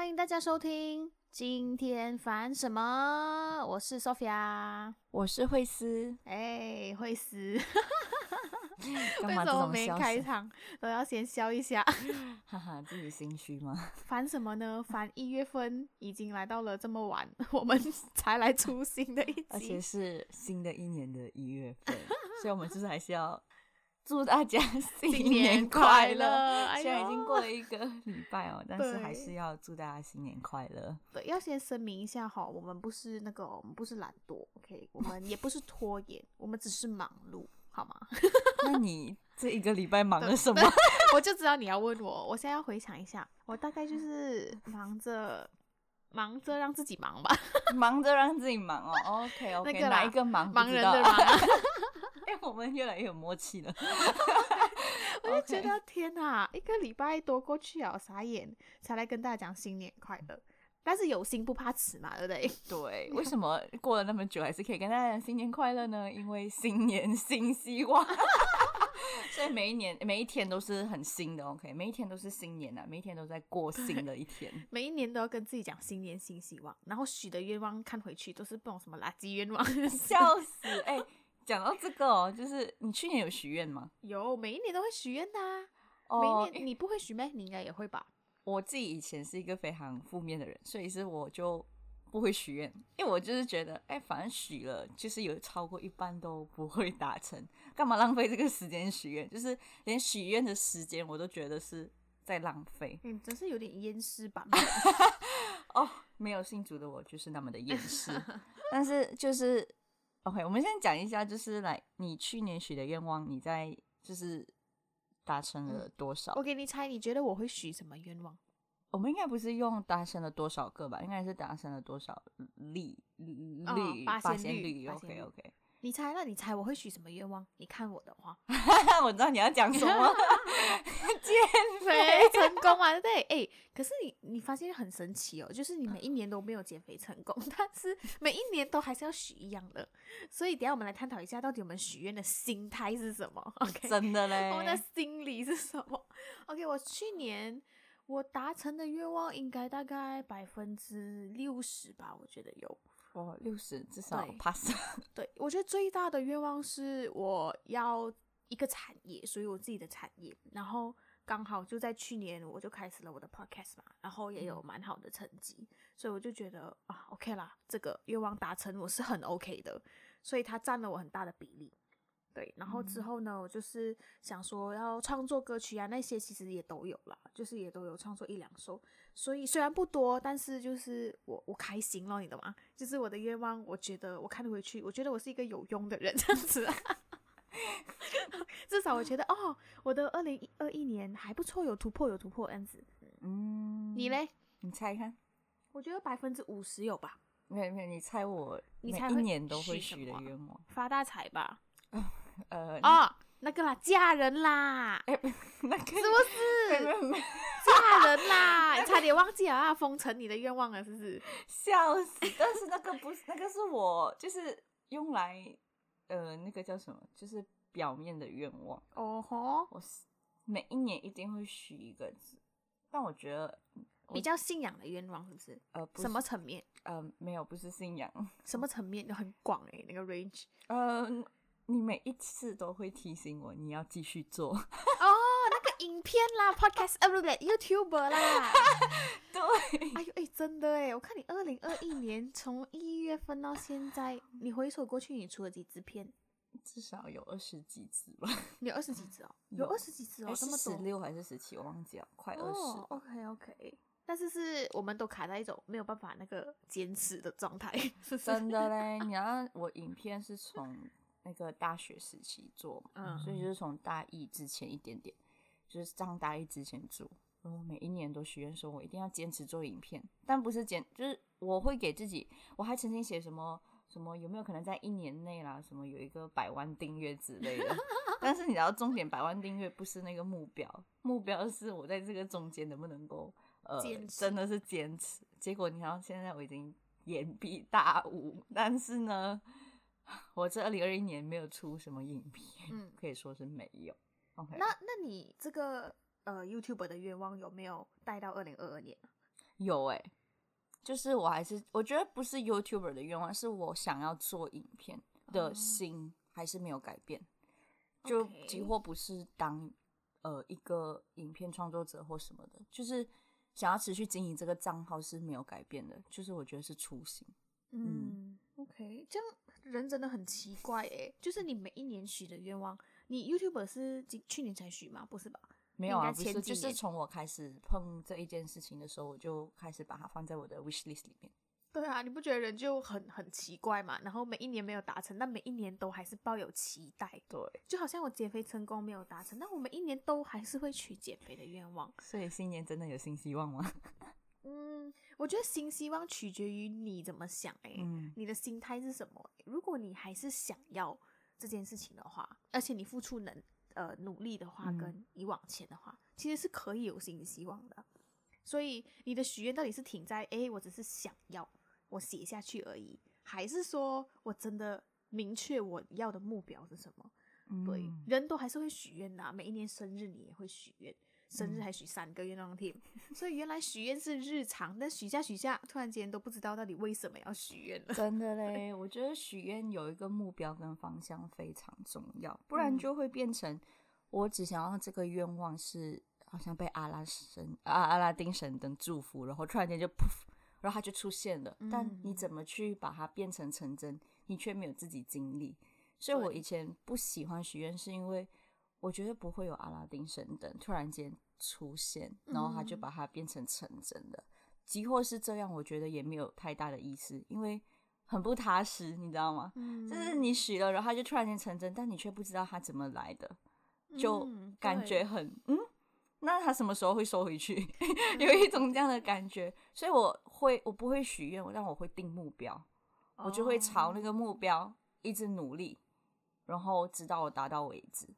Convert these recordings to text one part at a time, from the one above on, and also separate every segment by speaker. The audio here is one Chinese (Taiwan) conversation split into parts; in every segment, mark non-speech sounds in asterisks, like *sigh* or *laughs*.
Speaker 1: 歡迎大家收聽，今天煩什麼？我是 Sophia，我是惠絲，哎、欸，惠絲， *laughs* 為什麼沒開場？都要先笑一下，
Speaker 2: 哈哈，自己心虛嗎？
Speaker 1: 煩什麼呢？煩一月份已經來到了這麼晚，我們才來出新的一集，而且
Speaker 2: 是新的一年的一月份， *laughs* 所以，我們就是，是還是要。祝大
Speaker 1: 家新年快樂，新年快樂、哎！現在已經過了一個禮拜哦，但是還是要祝大家新年快樂。對，要先聲明一下哈、哦，我們不是那個，我們不是懶惰，OK，我們也不是拖延， *laughs* 我們只是忙碌，好嗎？ *laughs* 那你
Speaker 2: 這一個禮拜忙了什麼？
Speaker 1: 我就知道你要問我，我現在要回想一下，我大概就是忙着忙着讓自己忙吧， *laughs* 忙着讓自己忙哦。OK OK，那哪一個忙？忙人的忙。 *laughs*
Speaker 2: 我們越來越有默契了 *laughs* ，Okay. *laughs*
Speaker 1: okay. 我就覺得天哪，一個禮拜多過去啊，傻眼才來跟大家講新年快樂。但是有心不怕遲嘛，對不對？對， *laughs* 為什麼過了那
Speaker 2: 麼久還是可以跟大家講新年快樂呢？因為新年新希望， *laughs* *laughs* 所以每一年每一天都是很新的。OK，每一天都是新年吶、啊，每一天都在過新的一
Speaker 1: 天。每一年都要跟自己講新年新希望，然後許的願望看回去都是不懂什麼垃圾願望，， *laughs* 笑死！哎、欸。 *laughs* 講到這個哦，就是你去年有許願嗎？有，每一年都會許願的啊。哦，每一年你不會許願？你應該也會吧。
Speaker 2: 我自己以前是一個非常負面的人，所以是我就不會許願，因為我就是覺得，哎，反正許了就是有超過一半都不會達成，幹嘛浪費這個時間許願？就是連許願的時間我都覺得是在浪費。
Speaker 1: 嗯，真是有點厭世吧？ *laughs* 哦，
Speaker 2: 沒有信主的我就是那麼的厭世， *laughs* 但是就是。OK，我們先講一下，就是來你去年許的願望，你在就是達成了多少，嗯？我給
Speaker 1: 你猜，你覺得我會許什麼願望？我們應
Speaker 2: 該不是用達成了多少個吧？應該是達成了多少率率發現率？OK OK。
Speaker 1: 你猜，那你猜我會許什麼願望？你看我的話， *laughs* 我知道你要講什麼。減 *laughs* 健肥 *laughs* 成功啊，對不對？哎、欸，可是你你發現很神奇哦，就是你每一年都沒有減肥成功，但是每一年都還是要許一樣的。所以等下我們來探討一下，到底我們許願的心態是什麼？OK，真的嘞，我們的心理是什麼？OK，我去年我達成的願望應該大概百分之六十吧，我覺得有。哦，六十至少 pass。對，我覺得最大的願望是我要一個產業，屬於我自己的產業。然後剛好就在去年，我就開始了我的 podcast 嘛，然後也有蠻好的成績，嗯、所以我就覺得啊，OK 啦，這個願望達成我是很 OK 的，所以它占了我很大的比例。對，然後之後呢、嗯，我就是想說要創作歌曲啊，那些其實也都有了，就是也都有創作一兩首，所以雖然不多，但是就是我我開心了，你懂嗎？就是我的願望，我覺得我看得回去，我覺得我是一個有用的人，這樣子，啊。 *laughs* 至少我覺得哦，我的二零二一年還不錯，有突破，有突破，這樣子。嗯，你嘞？你猜一看，我覺得百分之五十有吧？沒有沒有，你猜我，每一年都會許的願望，發大財吧？ *laughs* 呃哦那，那個啦，嫁人啦，欸、那個是不是沒沒沒嫁人啦？ *laughs* 那個、你差點忘記啊，封塵你的願望了，是不是？笑死！但是那個不是， *laughs* 那個是我
Speaker 2: 就是用來呃，那個叫什麼？就是表面的願望。哦吼，我是每一年一定會許一個字，但我覺得我比較
Speaker 1: 信仰的願望是不是？呃，什麼層面？呃，沒有，不是信仰，什麼層面就很廣、欸、那個 range，嗯。
Speaker 2: 呃你每一次都會提醒我，你要繼續做
Speaker 1: 哦，那個影片啦 *laughs* ，Podcast，哦不對，YouTube 啦,啦，對，哎呦哎真的哎，我看你二零二一年 *laughs* 從一月份到現在，你回首過去，你出了幾支片？至少有二十幾支吧。你有二十幾支哦，有二十幾支哦有、欸，這麼多，十六還是十七，我忘記了，快二十、哦。OK OK，但是是我們都卡在一種沒有辦法那個堅持的狀態。 *laughs* 是真的
Speaker 2: 嘞，然後我影片是從。那個大學時期做，嗯、所以就是從大一之前一點點，就是上大一之前做，然、嗯、後每一年都許願說，我一定要堅持做影片，但不是堅，就是我會給自己，我還曾經寫什麼什麼，什麼有沒有可能在一年內啦，什麼有一個百萬訂閱之類的。但是你知道，重點百萬訂閱不是那個目標，目標是我在這個中間能不能夠呃堅持，真的是堅持。結果你知道現在我已經言必大悟，但是呢。我這二零二一年沒有出什麼影片，嗯、可以說是沒有。Okay.
Speaker 1: 那，那你這個呃，YouTube 的願望有沒有帶到二零二二年？
Speaker 2: 有哎、欸，就是我還是我覺得不是 YouTube 的願望，是我想要做影片的心、嗯、還是沒有改變，okay. 就幾乎不是當、呃、一個影片創作者或什麼的，就是想要持續經營這個賬號是沒有改變的，就是我覺得是初心。嗯,
Speaker 1: 嗯，OK，這樣。人真的很奇怪誒、欸，就是你每一年許的願望，你 YouTube 是今去年才許嗎？不是吧？沒有啊，不是，就是
Speaker 2: 從我開始碰這一件事情的時候，我就開始把它放在我的 wish list 裡面。
Speaker 1: 對啊，你不覺得人就很很奇怪嘛？然後每一年沒有達成，但每一年都還是抱有期待。對，就好像我減肥成功沒有達成，但我每一年都還是會許減肥的願望。所以新年真的有新希望嗎？ *laughs* 嗯，我覺得新希望取決於你怎麼想哎、欸嗯，你的心態是什麼、欸？如果你還是想要這件事情的話，而且你付出能呃努力的話，跟以往前的話，嗯、其實是可以有新的希望的。所以你的許願到底是停在哎、欸，我只是想要我寫下去而已，還是說我真的明確我要的目標是什麼？嗯、對，人都還是會許願的、啊、每一年生日你也會許願。生日還許三個願望天、嗯，所以原來許願是日常，但許下許下，突然間都不知道到底為什麼要許願了。真的嘞，我覺得
Speaker 2: 許願有一個目標跟方向非常重要，不然就會變成我只想要這個願望是好像被阿拉神阿、啊、阿拉丁神燈祝福，然後突然間就噗，然後它就出現了、嗯。但你怎麼去把它變成成真，你卻沒有自己經歷。所以我以前不喜歡許願，是因為。我覺得不會有阿拉丁神燈突然間出現，然後他就把它變成成真的、嗯，即或是這樣，我覺得也沒有太大的意思，因為很不踏實，你知道嗎？嗯、就是你許了，然後他就突然間成真，但你卻不知道它怎麼來的，就感覺很嗯，嗯，那它什麼時候會收回去？ *laughs* 有一種這樣的感覺，所以我會我不會許願，但我會定目標、哦，我就會朝那個目標一直努力，然後直到我達到為止。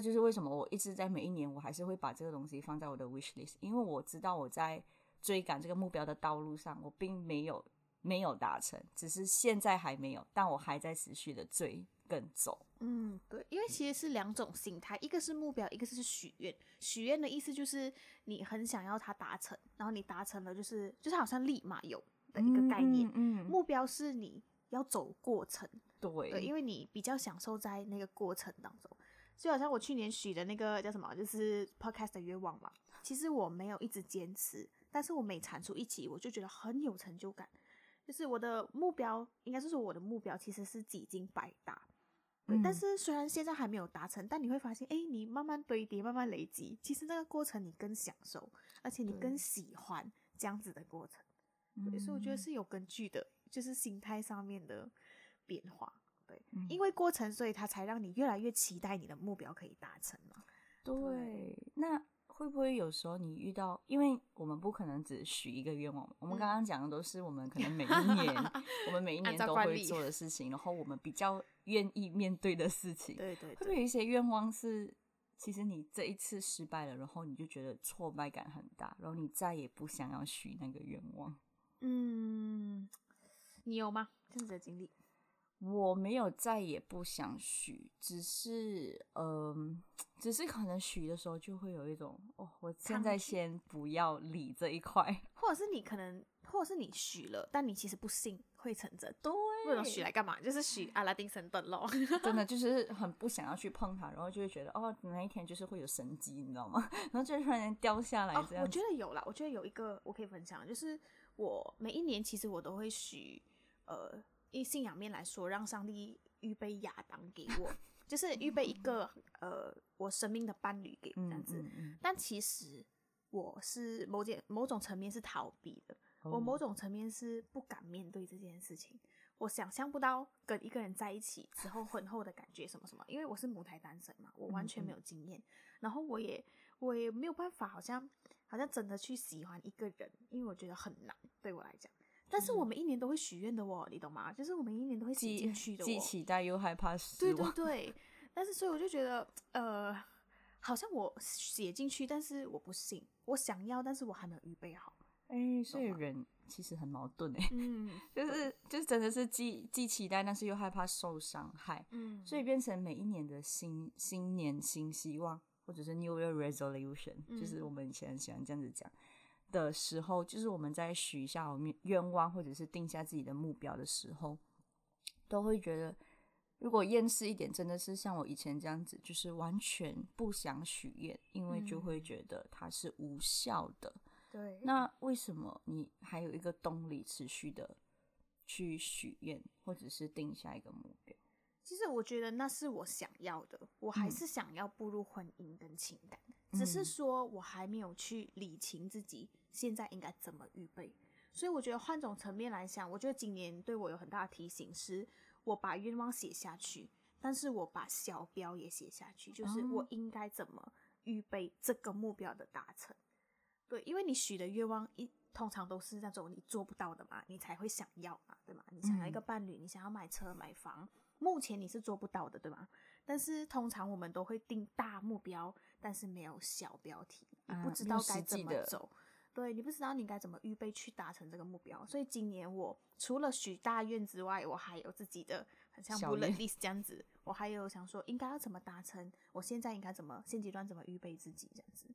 Speaker 2: 這就是為什麼我一直在每一年，我還是會把這個東西放在我的 wish list，因為我知道我在追趕這個目標的道路上，我並沒有沒有達成，只是現在還沒有，但我還在持續的追跟走。嗯，
Speaker 1: 對，因為其實是兩種形態，嗯，一個是目標，一個是許願。許願的意思就是你很想要它達成，然後你達成了，就是就是好像立馬有的一個概念。嗯，嗯，目標是你要走過程。對。對，因為你比較享受在那個過程當中。就好像我去年許的那個叫什麼，就是 podcast 的願望嘛。其實我沒有一直堅持，但是我每產出一期我就覺得很有成就感。就是我的目標，應該是說我的目標其實是幾斤百搭。對，嗯，但是雖然現在還沒有達成，但你會發現，哎、欸，你慢慢堆疊，慢慢累積，其實那個過程你更享受，而且你更喜歡這樣子的過程。對，對，所以我覺得是有根據的，就是心態上面的變化。嗯，因為過程，所以他才讓你越來越期待你的目標可以達成嘛。
Speaker 2: 對。對，那會不會有時候你遇到，因為我們不可能只許一個願望，嗯，我們剛剛講的都是我們可能每一年， *laughs* 我們每一年都會做的事情，然後我們比較願意面對的事情。對對、對。會不會有一些願望是，其實你這一次失敗了，然後你就覺得挫敗感很大，然後你再也不想要許那個願望？嗯，
Speaker 1: 你有嗎？這樣的經歷？
Speaker 2: 我沒有再也不想許，只是，嗯、呃，只
Speaker 1: 是可能許的時候就會有一種，哦，我現在先不要理這一塊，或者是你可能，或者是你許了，但你其實不信會成真，對，那種許來幹嘛？就是許阿拉丁神燈咯， *laughs* 真的就是很不想要去碰它，然後就會覺得，哦，哪一
Speaker 2: 天就是會有神蹟，你知道嗎？然後就突然
Speaker 1: 間掉下來這樣子、啊。我覺得有啦，我覺得有一個我可以分享，就是我每一年其實我都會許，呃。以信仰面來說，讓上帝預備亞當給我， *laughs* 就是預備一個呃，我生命的伴侶給這樣子。嗯嗯嗯、但其實我是某點某種層面是逃避的，嗯、我某種層面是不敢面對這件事情。我想象不到跟一個人在一起之後婚後的感覺什麼什麼，因為我是母胎單身嘛，我完全沒有經驗、嗯嗯。然後我也我也沒有辦法，好像好像真的去喜歡一個人，因為我覺得很難對我來講。但是我們一年都會許願的哦、嗯，你懂嗎？就是我們一年都會寫進去的哦，既期
Speaker 2: 待又害怕失望。對對對，
Speaker 1: 但是所以我就覺得，呃，好像我寫進去，但是我不信，我想要，但是我還沒有預備好。
Speaker 2: 哎、欸，所以人其實很矛盾哎，嗯，
Speaker 1: *laughs* 就是就是真的是既既期待，
Speaker 2: 但是又害怕受傷害。嗯，所以變成每一年的新新年新希望，或者是 New Year Resolution，嗯、就是我們以前很喜歡這樣子講。的時候，就是我們在許下我們願望，或者是定下自己的目標的時候，都會覺得，如果厭世一點，真的是像我以前這樣子，就是完全不想許願，因為就會覺得它是無效的。對、嗯，那為什麼你還有一個動力持續的去許願，或者是定下一個目標？
Speaker 1: 其實我覺得那是我想要的，我還是想要步入婚姻跟情感，嗯，只是說我還沒有去理清自己現在應該怎麼預備。所以我覺得換種層面來講，我覺得今年對我有很大的提醒是，是我把願望寫下去，但是我把小標也寫下去，就是我應該怎麼預備這個目標的達成。嗯，對，因為你許的願望一通常都是那種你做不到的嘛，你才會想要嘛，對嘛？你想要一個伴侶，你想要買車買房。目前你是做不到的，對嗎？但是通常我們都會定大目標，但是沒有小標題，你、嗯、不知道該怎麼走。對，你不知道你該怎麼預備去達成這個目標。嗯、所以今年我除了許大願之外，我還有自己的，很像 bullet list 這樣子，我還有想說應該要怎麼達成，我現在應該怎麼現階段怎麼預備自己這樣子。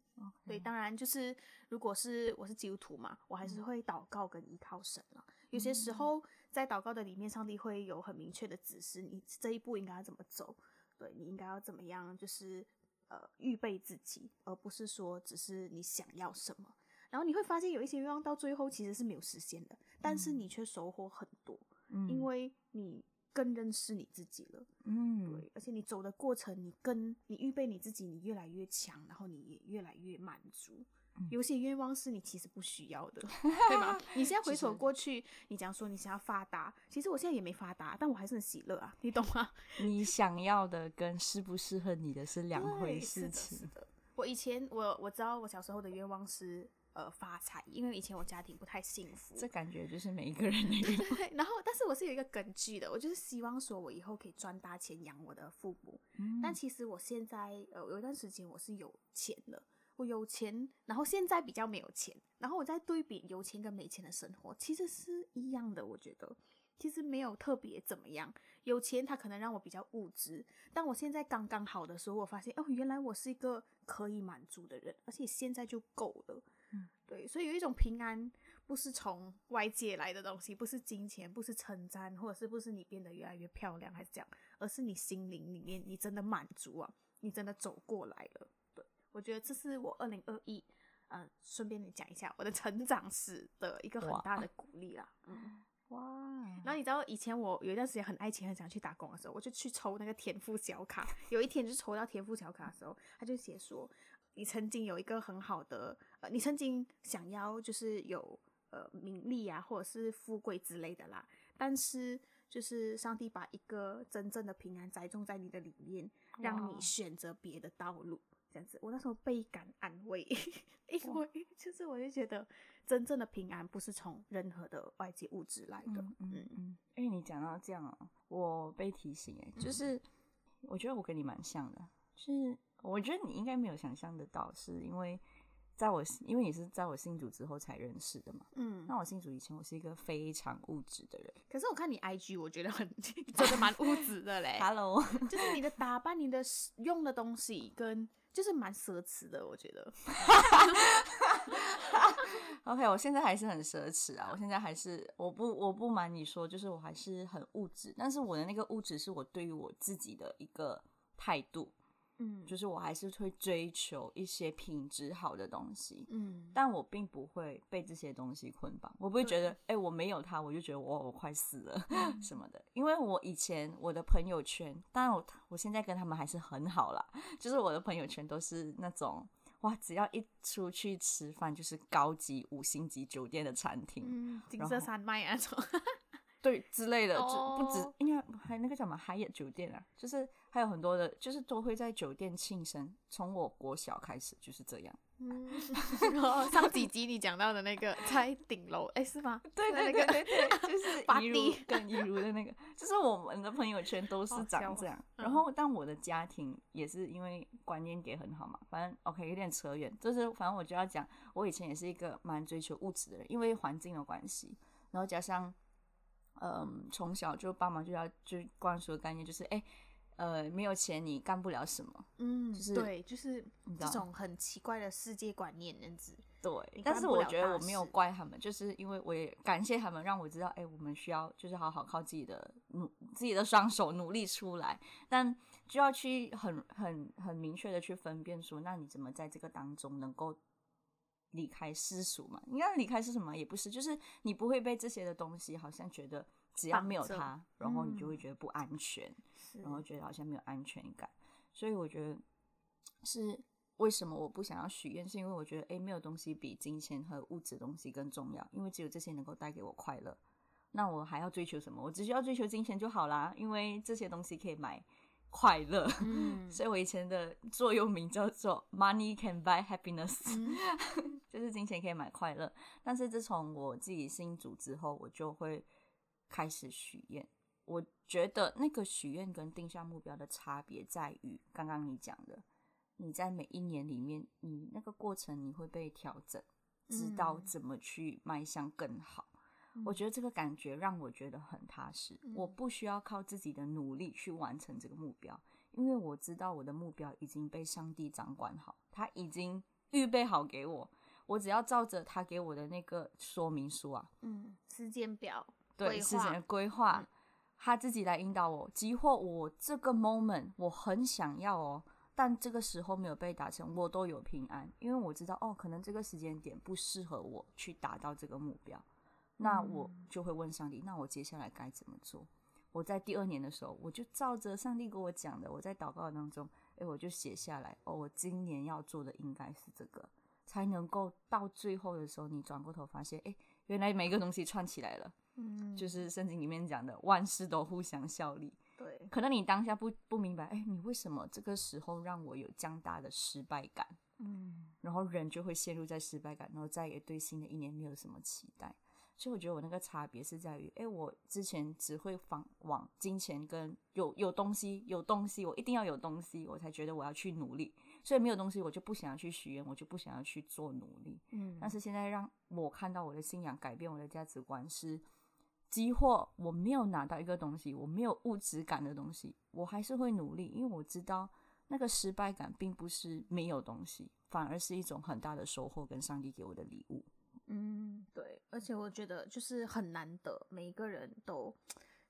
Speaker 1: 對、嗯，當然就是如果是我是基督徒嘛，我還是會禱告跟依靠神有些時候，在禱告的裡面，上帝會有很明確的指示，你這一步應該要怎麼走，對，你應該要怎麼樣，就是呃預備自己，而不是說只是你想要什麼。然後你會發現，有一些願望到最後其實是沒有實現的，但是你卻收穫很多，嗯，因為你更認識你自己了。嗯，對，而且你走的過程你，你跟你預備你自己，你越來越強，然後你也越來越滿足。有些願望是你其實不需要的， *laughs* 對嗎？你現在回首過去，你講說你想要發達，其實我現在也沒發達，但我還是很喜樂啊，
Speaker 2: 你懂嗎？你想要的跟適不適合你的是兩回事情。是。是
Speaker 1: 的，我以前我我知道我小時候的願望是呃發財，因為以前我家庭不太幸福。這
Speaker 2: 感覺就是每一個人
Speaker 1: 的。對。然後，但是我是有一個根據的，我就是希望說我以後可以賺大錢養我的父母。嗯。但其實我現在呃有一段時間我是有錢的。我有錢，然後現在比較沒有錢，然後我在對比有錢跟沒錢的生活，其實是一樣的。我覺得其實沒有特別怎麼樣，有錢它可能讓我比較物質，但我現在剛剛好的時候，我發現哦，原來我是一個可以滿足的人，而且現在就夠了。嗯，對，所以有一種平安，不是從外界來的東西，不是金錢，不是稱讚，或者是不是你變得越來越漂亮還是這樣，而是你心靈裡面你真的滿足啊，你真的走過來了。我覺得這是我二零二一，嗯，順便你講一下我的成長史的一個很大的鼓勵啦。哇！嗯、哇，然後你知道以前我有一段時間很愛錢，很想去打工的時候，我就去抽那個天賦小卡。 *laughs* 有一天就抽到天賦小卡的時候，他就寫說：“你曾經有一個很好的，呃，你曾經想要就是有呃名利啊，或者是富貴之類的啦，但是就是上帝把一個真正的平安栽種在你的裡面，讓你選擇別的道路。”這樣子，我那時候倍感安慰， *laughs* 因為就是我就覺得真正的平安不是從任何的外界物質來的。嗯嗯。哎、嗯，因為你講到這樣、喔，
Speaker 2: 我被提醒哎、欸就是，就是我覺得我跟你蠻像的，就是我覺得你應該沒有想象的到，是因為在我因為你是在我信主之後才認識的嘛。嗯。那我信主以前，我是一個非常物質的人。
Speaker 1: 可是我看你 IG，我覺得很真的蠻物質的嘞。Hello， *laughs* 就是你的打扮、 *laughs* 你的用的東西跟。就是蠻奢侈的，我覺得。 *laughs* *laughs* OK，我現在還
Speaker 2: 是很奢侈啊！我現在還是，我不，我不瞞你說，就是我還是很物質，但是我的那個物質是我對於我自己的一個態度。嗯，就是我還是會追求一些品質好的東西，嗯，但我並不會被這些東西捆綁。我不會覺得，哎，我沒有它，我就覺得哇，我快死了、嗯、什麼的。因為我以前我的朋友圈，當然我，我現在跟他們還是很好啦。就是我的朋友圈都是那種，哇，只要一出去吃飯就是高級五星級酒店的餐廳，嗯、金色山
Speaker 1: 脈那、啊、種。 *laughs* 對之類的，oh. 就不止
Speaker 2: 因為還有那個叫什麼 Hyatt 酒店啊，就是還有很多的，就是都會在酒店慶生。從我國小開始就是這樣。
Speaker 1: 嗯， *laughs* 然後上幾集你講到的那個在 *laughs* 頂樓，哎、欸，是嗎？對對對對，對， *laughs* 就是八弟
Speaker 2: 跟一如的那個，就是我們的朋友圈都是長這樣。然後，但我的家庭也是因為觀念給很好嘛，反正 OK，有點扯遠。就是反正我就要講，我以前也是一個蠻追求物質的人，因為環境有關係，然後加上。呃、嗯，從小就爸媽就要就灌輸的概念就是，哎、欸，呃，沒有錢你幹不了什麼，嗯，就
Speaker 1: 是對，就是這種很奇怪的世界觀念，這樣子。對，但是我覺得我沒有
Speaker 2: 怪他們，就是因為我也感謝他們，讓我知道，哎、欸，我們需要就是好好靠自己的努自己的雙手努力出來，但就要去很很很明確的去分辨說，那你怎麼在這個當中能夠。離開世俗嘛？應該離開是什麼？也不是，就是你不會被這些的東西，好像覺得只要沒有它、啊，然後你就會覺得不安全，嗯、然後覺得好像沒有安全感。所以我覺得是為什麼我不想要許願，是因為我覺得哎，沒有東西比金錢和物質東西更重要，因為只有這些能夠帶給我快樂。那我還要追求什麼？我只需要追求金錢就好啦，因為這些東西可以買快樂、嗯，所以我以前的座右銘叫做 “Money can buy happiness”，、嗯、 *laughs* 就是金錢可以買快樂。但是自從我自己信主之後，我就會開始許願。我覺得那個許願跟定下目標的差別在於，剛剛你講的，你在每一年裡面，你那個過程你會被調整，
Speaker 1: 知道
Speaker 2: 怎麼去邁向更好。嗯我覺得這個感覺讓我覺得很踏實，嗯。我不需要靠自己的努力去完成這個目標，因為我知道我的目標已經被上帝掌管好，他已經預備好給我。我只要照着他給我的那個說明書啊，嗯，
Speaker 1: 時間表，對，時間的
Speaker 2: 規劃，他自己來引導我。即或我這個 moment 我很想要哦，但這個時候沒有被達成，我都有平安，因為我知道哦，可能這個時間點不適合我去達到這個目標。那我就會問上帝，嗯，那我接下來該怎麼做？我在第二年的時候，我就照着上帝給我講的，我在禱告當中，哎，我就寫下來。哦，我今年要做的應該是這個，才能夠到最後的時候，你轉過頭發現，哎，原來每個東西串起來了。嗯，就是聖經裡面講的，萬事都互相效力。對，可能你當下不不明白，哎，你為什麼這個時候讓我有這樣大的失敗感？嗯，然後人就會陷入在失敗感，然後再也對新的一年沒有什麼期待。所以我覺得我那個差別是在於，哎、欸，我之前只會嚮往金錢跟有有東西、有東西，我一定要有東西，我才覺得我要去努力。所以沒有東西，我就不想要去許願，我就不想要去做努力。嗯。但是現在讓我看到我的信仰改變我的價值觀，是，即使我沒有拿到一個東西，我沒有物質感的東西，我還是會努力，因為我知道那個失敗感並不是沒有東西，反而是一種很大的收穫跟上帝給我的禮物。
Speaker 1: 嗯，對。而且我覺得就是很難得，每一個人都，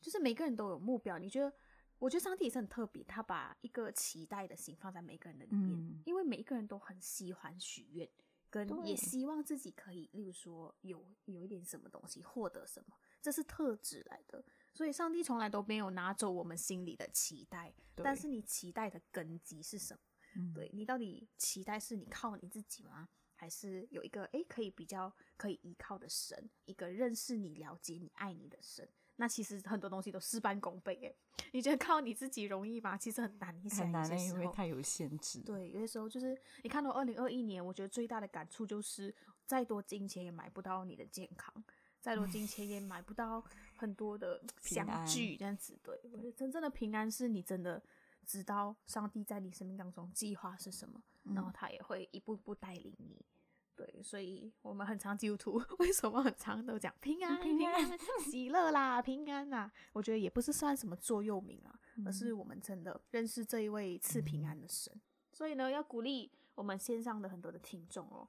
Speaker 1: 就是每個人都有目標。你覺得，我覺得上帝也是很特別，他把一個期待的心放在每個人的裡面。嗯，因為每一個人都很喜歡許願，跟也希望自己可以，例如說有有一點什麼東西，獲得什麼，這是特質來的。所以上帝從來都沒有拿走我們心裡的期待，但是你期待的根基是什麼？嗯。對，你到底期待是你靠你自己嗎？還是有一個、欸、可以比較可以依靠的神，一個認識你、了解你、愛你的神。那其實很多東西都事半功倍哎、欸。你覺得靠你自己容易嗎？其實很難。很難、欸、因為太
Speaker 2: 有限制。對，
Speaker 1: 有些時候就是你看到二零二一年，我覺得最大的感觸就是，再多金錢也買不到你的健康，再多金錢也買不到很多的相聚這樣子。對，我覺得真正的平安是你真的。知道上帝在你生命當中計劃是什麼，嗯、然後他也會一步一步帶領你。對，所以我們很常基督徒，為什麼很常都講平安、平平安安、喜樂啦、平安啊？我覺得也不是算什麼座右銘啊、嗯，而是我們真的認識這一位賜平安的神、嗯。所以呢，要鼓勵我們線上的很多的聽眾哦，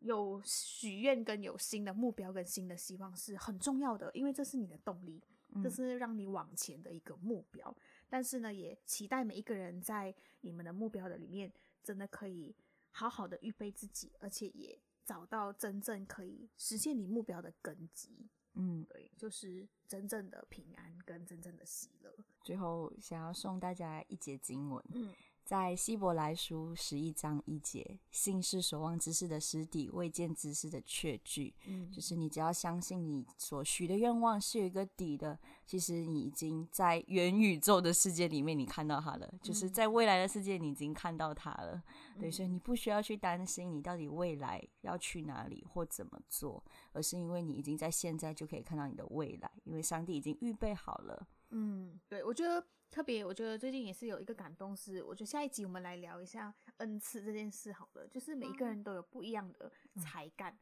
Speaker 1: 有許願跟有新的目標跟新的希望是很重要的，因為這是你的動力，這是讓你往前的一個目標。嗯但是呢，也期待每一個人在你們的目標的裡面，真的可以好好的預備自己，而且也找到真正可以實現你目標的根基。嗯，對，就是真正的平安跟真正的喜樂。
Speaker 2: 最後想要送大家一節經文。嗯在希伯來書十一章一節，信是所望之事的實底，未見之事的確據、嗯。就是你只要相信你所許的願望是有一個底的，其實你已經在元宇宙的世界裡面，你看到它了、嗯；就是在未來的世界，你已經看到它了、嗯。對，所以你不需要去擔心你到底未來要去哪裡或怎麼做，而是因為你已經在現在就可以看到你的未來，因為上帝已經預備好了。
Speaker 1: 嗯，對，我覺得。特別，我覺得最近也是有一個感動，是我覺得下一集我們來聊一下恩賜這件事好了，就是每一個人都有不一樣的才幹、嗯，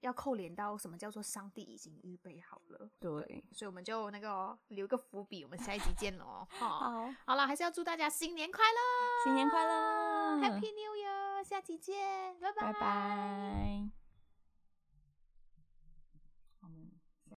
Speaker 1: 要扣連到什麼叫做上帝已經預備好了對。對，所以我們就那個、哦、留個伏筆，我們下一集見嘍、 *laughs* 哦！好，好了，還是要祝大家新年快樂，新年快樂，Happy New Year！下期見，拜拜。